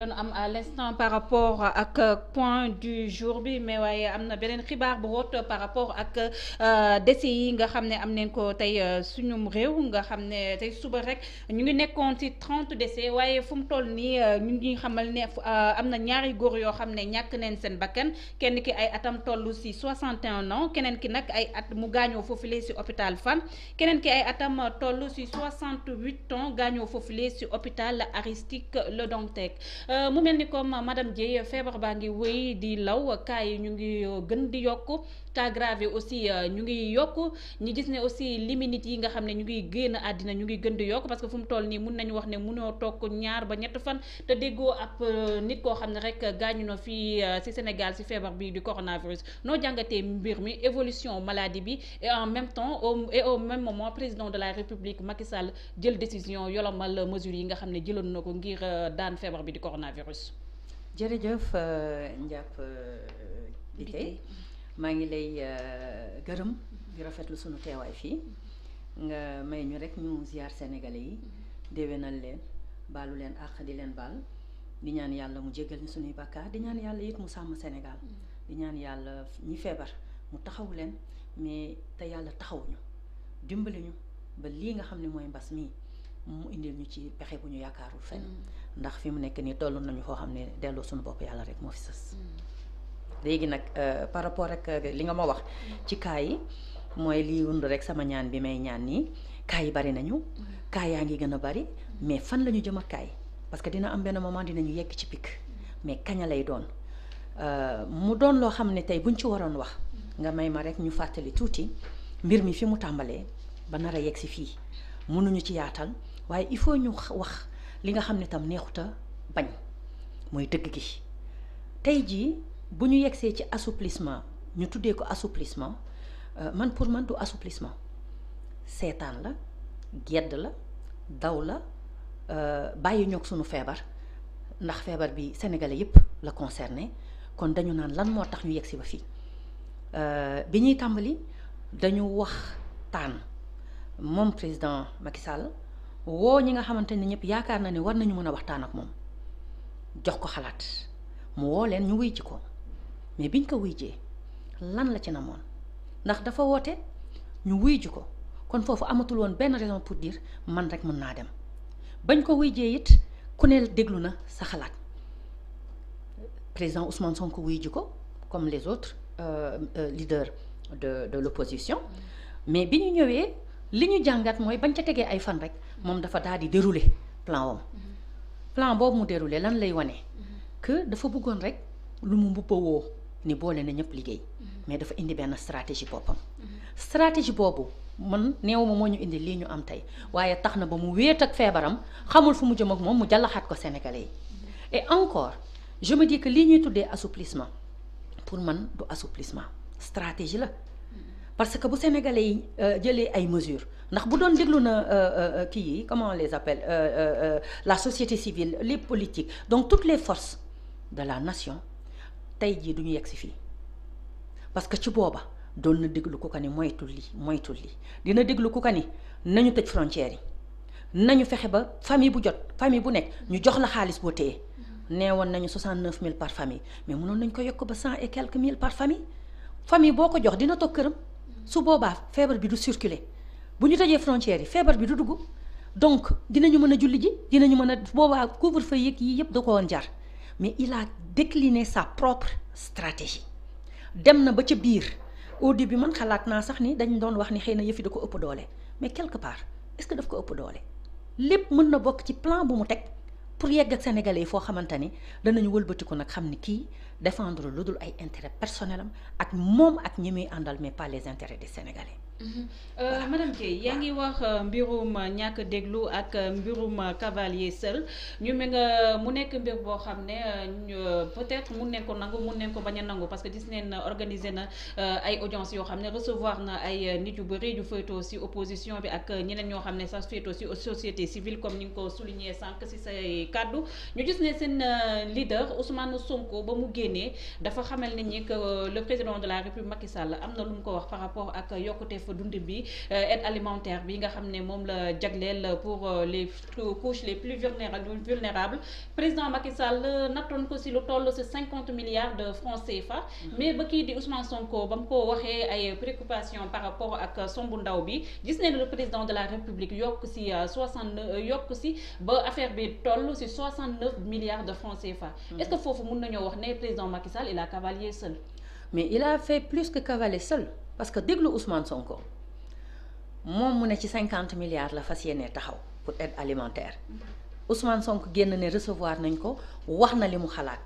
doon am à l'instant par rapport ak euh, point du jour bi mais waaye am na beneen xibaar bu wóot par rapport ak euh, décès yi nga xam ne am nañ ko tey euh, suñum réew nga xam ne tey suba rek ñu ngi nekkoon ci trente décès waaye fu mu toll nii ñu ngi xamal ne am na ñaari góor yoo xam ne ñàkk neen seen bakkan kenn ki ay atam toll si soixante et un ans keneen ki nag ay at mu gaañoo foofule si hôpital Fann keneen ki ay atam toll si soixante huit ans gaañoo foofule si hôpital Aristide Le Dantec Euh, mu mel ni comme madame Dieye feebar baa ngi wéy di law cas yi ñu ngi euh, gën di yokk cas grave yi aussi euh, ñu ngi yokk ñu gis ne aussi liminit yi nga xam ne ñu ngi génn àddina ñu ngi gën di yokk parce que fu mu toll nii mun nañu wax ne mu munoo toog ñaar ba ñett fan te déggoo ab euh, nit koo xam ne rek gaañu na fii si euh, Sénégal si feebar bi du coronavirus noo jàngatee mbir mi évolution maladie bi en même temps au et au moment président de la République Macky Sall jël décision yolomal mesures yi nga xam ne jëloon na ko ngir daan feebar bi di coronavirus. jërëjëf Ndiap maa ngi lay euh, gërëm di rafetlu sunu teewaay fii nga may ñu rek ñu ziar sénégalais yi déwénal leen baalu leen àq di leen baal di ñaan yàlla mu jéggal ñu sunuy bàkkaar di ñaan yàlla it mu sàmm senegal di ñaan yàlla ñi feebar mu taxaw leen mais te yàlla taxawuñu ñu dimbali ñu ba lii nga xam ne mooy mbas mii mu indi ñu ci pexe bu ñu yaakaarul fenn mm. ndax fi mu nekk nii toll nañu foo xam ne delloo suñu bopp yàlla rek moo fi sës mm. léegi nag euh, par rapport ak euh, li nga ma wax ci cas yi mooy lii wund rek sama ñaan bi may ñaan nii cas yi bari nañu cas yaa ngi gën a bari mais fan la ñu jëm ak yi parce que dina am benn moment dinañu yegg ci pikk mais kaña lay doon euh, mu doon loo xam ne tey buñ ci waroon wax nga may ma rek ñu fàttali tuuti mbir mi fi mu tàmbalee ba nara yegg si fii mënuñu ci yaatal waaye il faut ñu wax li nga xam ne tam neexuta bañ mooy dëgg gi tey jii bu ñu yegsee ci assouplissement ñu tuddee ko assouplissement euh, man pour man du assouplissement seetaan la gedd la daw la euh, bàyyi ñoog sunu feebar ndax feebar bi sénégalais yépp la concerné kon dañu naan lan moo tax ñu yegsi ba fii euh, bi ñuy tàmbali dañu wax taan moom président Macky Sall woo ñi nga xamante ne ñëpp yaakaar na ne war nañu mën a waxtaan ak moom jox ko xalaat mu woo leen ñu wuy ci ko mais bi biñ ko wuy lan la ci namoon ndax dafa woote ñu wuy ko kon foofu amatul woon benn raison pour dire man rek mën naa dem bañ ko wuy it ku ne déglu na sa xalaat président Ousmane Sonko wuy ji ko comme les autres euh, euh, leaders de l'opposition mais bi ñu ñëwee li ñu jàngat mooy bañ ca tegee ay fan rek moom dafa daal di dérouler plan wam mm-hmm. plan boobu mu dérouler lan lay wane mm-hmm. que dafa bëggoon rek lu mu mbubbawoo ni boole na ñëpp liggéey mm-hmm. mais dafa indi benn stratégie boppam mm-hmm. stratégie boobu man néew ma moo ñu indi lii ñu am tey waaye tax na ba mu wéet ak feebaram xamul fu mu jëm ak moom mu jallaxaat ko Sénégalais yi mm-hmm. encore je ma dis que lii ñuy tuddee assouplissement pour man du assouplissement stratégie la parce que bu sénégalais yi euh, jëlee ay mesures ndax bu doon déglu na euh, euh, kii yi comment on les appelle la société civile les politiques donc toutes les forces de la nation tey jii duñu yegg si fii parce que ci booba doon na déglu ku ko ni moytul lii moytul lii dina déglu ku ko ni nañu tëj frontières yi nañu fexe ba famille bu jot famille bu nekk ñu jox la xaalis boo téye neewoon nañu mille par famille mais mënoon nañ ko yokk ba cent et quelques mille par famille famille boo ko jox dina toog këram su boobaa feebar bi du circuler bu ñu tëjee frontières yi feebar bi du dugg donc dinañu mën a julli ji dinañu mën a boobaa couvre-feu yeeg yii yëpp da ko woon jar. mais il a décliné sa propre stratégie dem na ba ca biir au début man xalaat naa sax ni dañ doon wax ni xëy na yëfi da ko ëpp doole mais quelque part est-ce que daf ko ëpp doole lépp mën na bokk ci plan bu mu teg pour yegg ak sénégalais yi foo xamante ni danañu wëlbatiku nag xam ni kii defendre lu dul ay intérêt personnel am ak moom ak ñi muy àndal mais pas les intérêts de sénégalais. Mhm. Euh, madame Dieye yaa ngi wax euh, mbirum ñàkk déglu ak euh, mbirum cavalier seul ñu me nga mu nekk mbir boo xam ne peut-être mun nañ ko nangu mun nañ ko bañ a nangu parce que gis neen organiser na ay audience yoo xam ne recevoir na ay nit yu bëri yu féetoo si opposition bi ak ñeneen ñoo xam ne sax féetoo si société civile comme ni nga ko souligné sànq si say kàddu ñu gis ne seen leader Ousmane Sonko ba mu génnee dafa xamal nit ñi que le président de la République Macky Sall am na lu mu ko wax par rapport ak yokkute def dund bi euh, aide alimentaire bi nga xam ne moom la jagleel pour euh, les couches les plus vulnérables président Macky Sall euh, nattoon ko si lu toll si cinquante milliards de francs CFA mm-hmm. mais ba kii di Ousmane Sonko ba mu ko waxee ay préoccupations par rapport ak sombu ndaw bi gis nañ le président de la République yokk si soixante neuf yokk si ba affaire bi toll si soixante neuf milliards de francs CFA. Mm-hmm. est que foofu mën nañoo wax ne président Macky Sall il a cavalier seul. mais il a fait plus parce que déglu Ousmane Sonko moom mu ne ci cinquante milliards la fas yéene taxaw pour aide alimentaire Ousmane Sonko génn ne recevoir nañ ko wax na li mu xalaat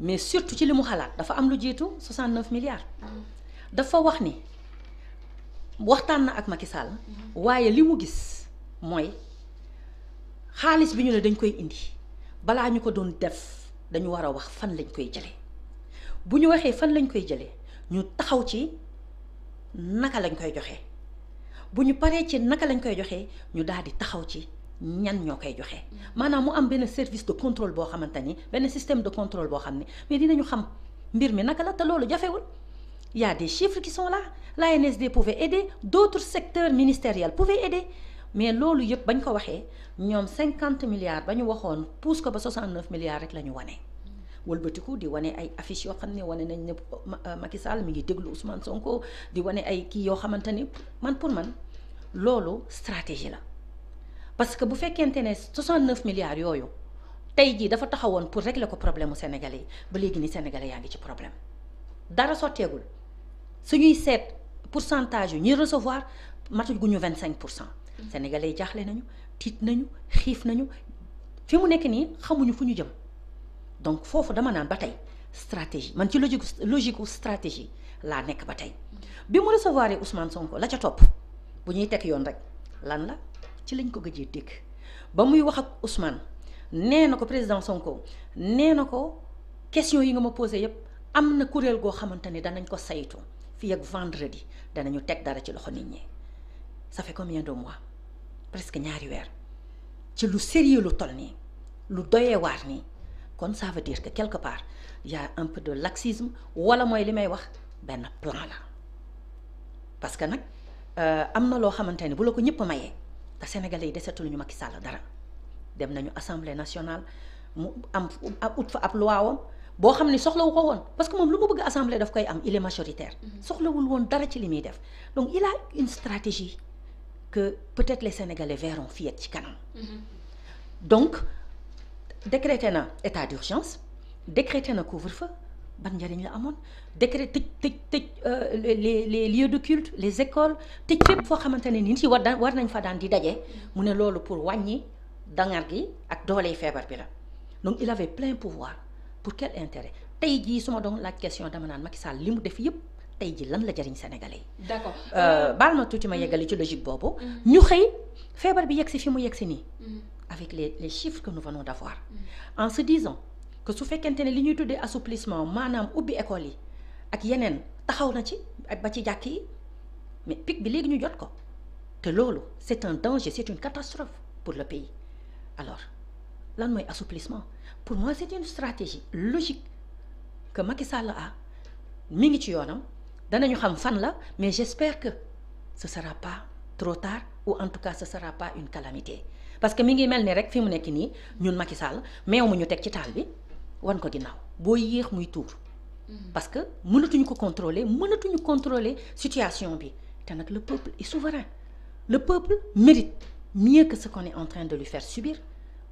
mais surtout ci limu xalaat dafa am lu jiitu 69 milliards dafa wax ni waxtaan na ak Macky waaye li mu gis mooy xaalis bi ñu ne dañ koy indi balaa ñu ko doon def dañu war a wax fan lañ koy jëlee bu ñu waxee fan lañ koy jëlee ñu taxaw ci naka lañ koy joxe bu ñu paree ci naka lañ koy joxe ñu daal di taxaw ci ñan ñoo koy joxe maanaam mu am benn service de contrôle boo xamante ni benn système de contrôle boo xam ne mais dinañu xam mbir mi naka la te loolu jafewul y a des chiffres qui sont là l'ANSD pouvait aider d'autres secteurs ministériels pouvaient aider mais loolu yëpp bañ ko waxee ñoom cinquante milliards ba ñu waxoon pousse ko ba soixante neuf milliards rek la ñu wane. wëlbatiku di wane ay affiche yoo xam ne wane nañ ne euh, Macky Sall mi ngi déglu Ousmane Sonko di wane ay kii yoo xamante ni man pour man loolu stratégie la parce que bu fekkente ne 69 milliards yooyu tey jii dafa taxawoon pour régler ko problème mu Sénégalais yi ba léegi ni Sénégalais yaa ngi ci problème dara sotteegul suñuy seet pourcentage yu ñuy recevoir matul gu ñu cinq pour cent. Mm-hmm. Sénégalais yi jaaxle nañu tiit nañu xiif nañu fi mu nekk nii xamuñu fu ñu jëm. donc foofu dama naan ba tey stratégie man ci logique logique stratégie laa nekk ba tey bi mu recevoir yi Ousmane Sonko la ca topp bu ñuy teg yoon rek lan la ci lañ ko gëjee dégg ba muy wax ak Ousmane nee na ko président Sonko nee na ko question yi nga ma posé yépp am na kuréel goo xamante ni danañ ko saytu fii ak vendredi danañu teg dara ci loxo nit ñi ça fait combien de mois presque ñaari weer ci lu sérieux lu toll nii lu doyee waar nii kon ça veut dire que quelque part y a un peu de laxisme wala mooy li may wax benn plan la parce que nag euh, am na loo xamante ne bu la ko ñëpp mayee te sénégalais yi desetul ñu Macky Sall dara dem nañu assemblée nationale mu am ut fa ab loi wam boo xam ni soxlawu ko woon parce que moom lu mu bëgg assemblée daf koy am il est majoritaire. Mm-hmm. soxlawul woon dara ci li muy def donc il a une stratégie que peut-être les sénégalais verront ci kanam. Mm-hmm. donc. décrété na état d'urgence décrété na couvre-feu ban njëriñ la amoon décrété tëj tëj tëj euh, les les lieux de culte les écoles tëj fépp foo xamante ne nit yi war war nañ fa daan di daje mu ne loolu pour wàññi dangar gi ak dooley feebar bi la donc il avait plein pouvoir pour quel intérêt tey jii su ma doon laaj question dama naan Macky Sall li mu def yëpp tey ji lan la jëriñ sénégalais yi. d'accord euh, baal ma tuuti ma mm-hmm. yeggali ci logique boobu. Mm-hmm. ñu xëy feebar bi yegg si fi mu yegg si nii. Mm-hmm. avec les les chiffres que nous venons d'avoir en se disant que su fekkente ne li ñuy tuddee assouplissement maanaam ubbi école yi ak yeneen taxaw na ci ba ci jàkk yi mais pic bi léegi ñu jot ko te loolu c'est un danger c'est une catastrophe pour le pays alors lan mooy assouplissement pour moi c'est une stratégie logique que Macky Sall a mu ngi ci yoonam danañu xam fan la mais j'espère que ce sera pas trop tard ou en tout cas ce sera pas une calamité parce que mi ngi mel ni rek fi mu nekk nii ñun Macky Sall mais mu ñu teg ci taal bi wan ko ginnaaw boo yéex muy tuur. Mm-hmm. parce que mënatuñu ko contrôler mënatuñu contrôler situation bi te nag le peuple est souverain le peuple mérite mieux que ce qu'on en train de lui faire subir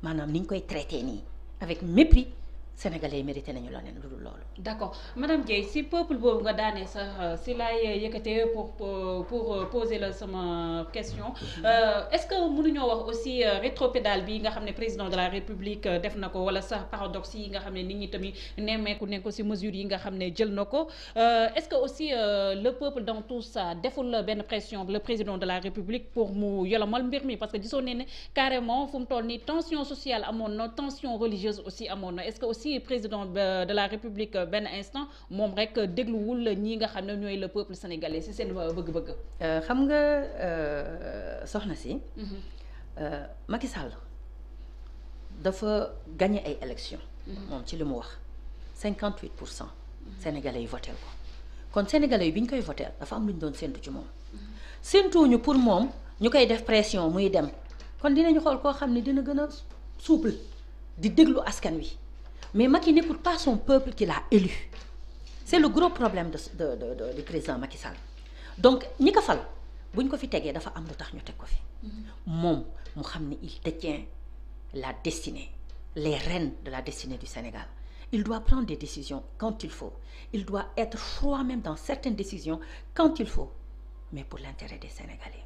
maanaam ni ñu koy traité nii avec mépris. sénégalais yi mérité nañu leneen lu dul loolu. d' accord madame Dieye si peuple boobu nga daanee sax euh, si laay yëkkatee pour euh, pour euh, poser la sama question mhm. est ce que mënuñoo wax aussi rétropédale bi nga xam ne président de la république def na ko wala sax paradoxe yi nga xam ne nit ñi tamit nemmeeku ne ko si mesure yi nga xam ne jël na ko est ce que aussi le peuple dans tout ça deful la benn pression le président de la république pour mu yolomal mbir parce aussi président euh, de la république euh, benn instant moom rek dégluwul ñi nga xam ne ñooy la peuple sénégalais si seen euh, bëgg-bëgg. xam nga soxna si. Mhm. Macky Sall dafa gagné ay élections. Mhm. moom ci li mu wax cinquante huit pour cent. Mhm. sénégalais yi voté ko kon sénégalais yi bi ñu koy voté dafa am lu ñu doon séntu ci moom. séntuwuñu pour moom ñu koy def pression muy dem kon dinañu xool koo xam ne dina gën a souple di déglu askan wi. mais Macky pour pas son peuple qui l'a élu c'est le gros problème de de de du président Macky donc ñi ko fal bu ñu ko fi tegee dafa am lu tax ñu teg ko fi moom mu xam ne il détient la destinée les rênes de la destinée du Sénégal il doit prendre des décisions quand il faut il doit être froid même dans certaines décisions quand il faut mais pour l'intérêt des Sénégalais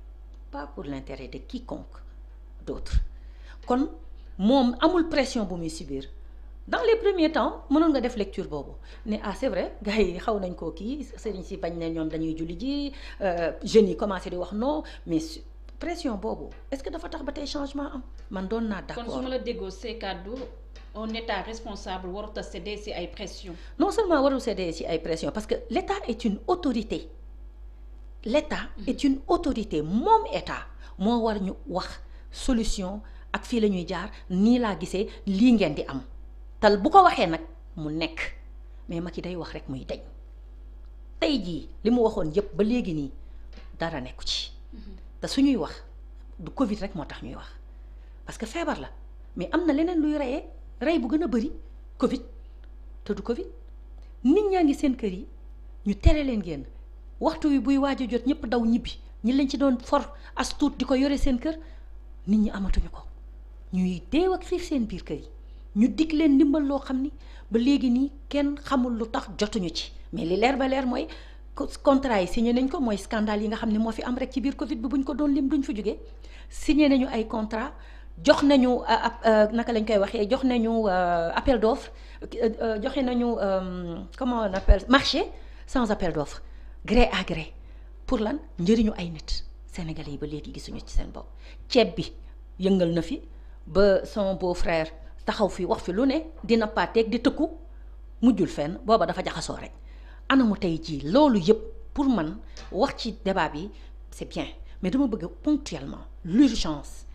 pas pour l'intérêt de quiconque d'autre kon moom amul pression bu muy subir dans les premiers temps mënoon nga def lecture boobu ne ah c'est vrai gars xaw nañ koo kii sëriñ si bañ ne ñoom dañuy julli ji euh, jeunes yi commencé di wax non mais pression boobu est-ce que dafa tax ba tey changement am man doon naa d'accord kon su ma la déggoo see kàddu un état responsable warut a céder si ay pression non seulement warul céder si ay pression parce que l'état est une autorité l'état mm-hmm. est une autorité moom état moo war ñu wax solution ak fii la ñuy jaar nii laa gisee lii di am tal bu ko waxee nag mu nekk mais Macky day wax rek muy deñ tey jii li mu waxoon yëpp ba léegi nii dara nekku ci mhm. te suñuy wax du Covid rek moo tax ñuy wax parce que feebar la mais am na leneen luy reyee rey bu gën a bëri Covid te du Covid nit ñaa ngi seen kër yi ñu tele leen génn waxtu wi buy waaj a jot ñëpp daw ñibbi ñi lañ ci doon for as tuut di ko yore seen kër nit ñi amatuñu ko ñuy deew ak xiif seen biir kër yi. ñu dig leen ndimbal loo xam ni ba léegi nii kenn xamul lu tax jotuñu ci mais li leer ba leer mooy contrat yi signé nañ ko mooy scandale yi nga xam ne moo fi am rek ci biir Covid bi buñ ko doon lim duñ fa jógee signé nañu ay contrat jox nañu euh, euh, naka lañ koy waxee jox nañu euh, appel d'offre joxe nañu comment on appelle marché sans appel d'offre gré à pour lan njëriñu ay nit sénégalais yi ba léegi gisuñu ci seen bopp ceeb bi yëngal na fi ba son beau frair taxaw fi wax fi lu ne dina paateeg di tëkku mujjul fenn booba dafa jaxasoo rek anamu tey jii loolu yëpp pour man wax ci débat yi c'est bien mais dama bëgg ponctuellement l'urgence